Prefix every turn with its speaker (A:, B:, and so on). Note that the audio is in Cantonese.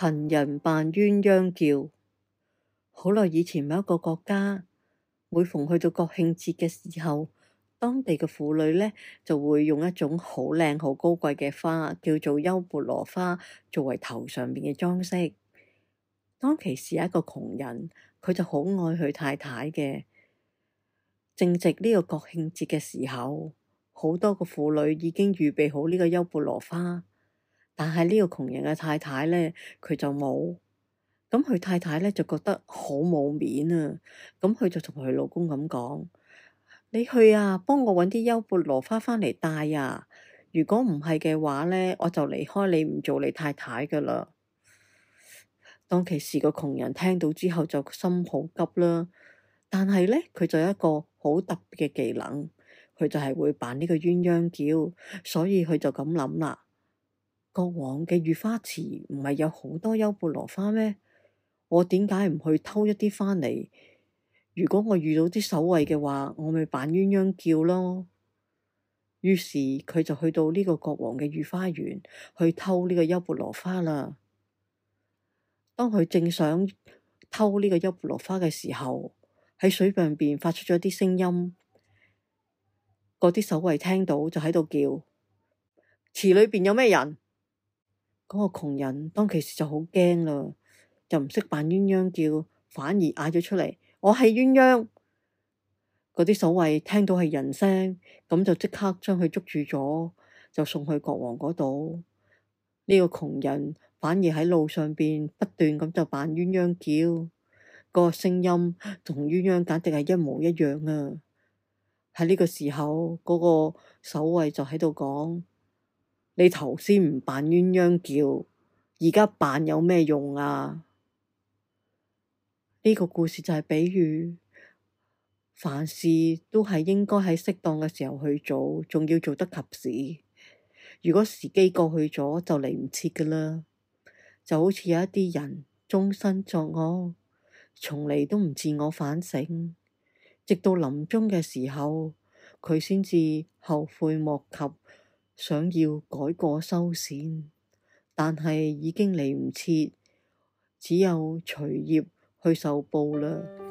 A: 貧人扮鴛鴦叫，好耐以前某一個國家，每逢去到國慶節嘅時候，當地嘅婦女呢就會用一種好靚、好高貴嘅花，叫做優缽羅花，作為頭上面嘅裝飾。當其時一個窮人，佢就好愛佢太太嘅。正值呢個國慶節嘅時候，好多個婦女已經預備好呢個優缽羅花。但係呢個窮人嘅太太呢，佢就冇，咁佢太太呢，就覺得好冇面啊！咁佢就同佢老公咁講：「你去啊，幫我搵啲優鉢羅花翻嚟帶啊！如果唔係嘅話呢，我就離開你，唔做你太太噶啦。當其時個窮人聽到之後就心好急啦，但係呢，佢就有一個好特別嘅技能，佢就係會扮呢個鴛鴦叫，所以佢就咁諗啦。國王嘅御花池唔係有好多優鉢羅花咩？我點解唔去偷一啲返嚟？如果我遇到啲守衛嘅話，我咪扮鴛鴦叫咯。於是佢就去到呢個國王嘅御花園去偷呢個優鉢羅花啦。當佢正想偷呢個優鉢羅花嘅時候，喺水上邊發出咗啲聲音，嗰啲守衛聽到就喺度叫，池裏邊有咩人？嗰個窮人當其時就好驚啦，就唔識扮鴛鴦叫，反而嗌咗出嚟：我係鴛鴦。嗰啲守衞聽到係人聲，咁就即刻將佢捉住咗，就送去國王嗰度。呢個窮人反而喺路上邊不斷咁就扮鴛鴦叫，個聲音同鴛鴦簡直係一模一樣啊！喺呢個時候，嗰個守衞就喺度講。你頭先唔扮鴛鴦叫，而家扮有咩用啊？呢個故事就係比喻，凡事都係應該喺適當嘅時候去做，仲要做得及時。如果時機過去咗，就嚟唔切㗎喇。就好似有一啲人終身作惡，從嚟都唔自我反省，直到臨終嘅時候，佢先至後悔莫及。想要改過修善，但係已經嚟唔切，只有隨業去受報啦。